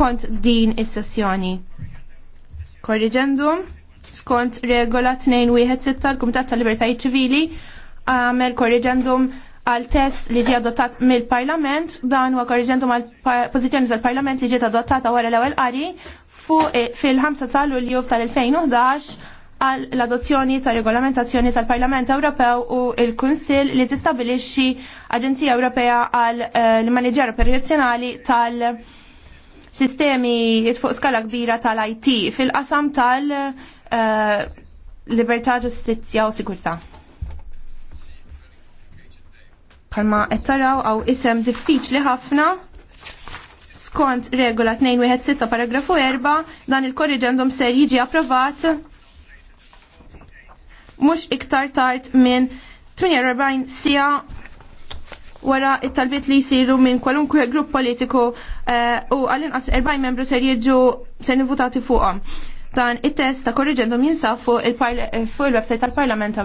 skont din is-sessjoni. Korriġendum, skont regola 216 tal-Kumitat tal-Libertajiet Ċivili għamel korriġendum għal test li ġie adottat mill-Parlament, dan huwa korriġendum għal pożizzjoni tal-Parlament li ġiet adottata wara l-ewwel qari fuq eh, fil-5 ta' Lulju tal-2011 għal l-adozzjoni ta' regolamentazzjoni tal-Parlament Ewropew u il kunsill li tistabilixxi Aġenzija Ewropea għal eh, l-Maniġer Operazzjonali tal- sistemi fuq skala kbira tal-IT fil-qasam tal-libertà, eh, ġustizzja u sigurtà. Palma qed taraw għaw isem diffiċli ħafna skont regola 216 paragrafu 4 dan il-korriġendum ser jiġi approvat mhux iktar tard minn 48 sija wara it-talbiet li jisiru minn kwalunkwe grupp politiku eh, u għal inqas 40 membru ser jiġu ser nivutati fuqhom. Dan it-test ta' korriġendum jinsaf eh, fuq il-website tal-Parlament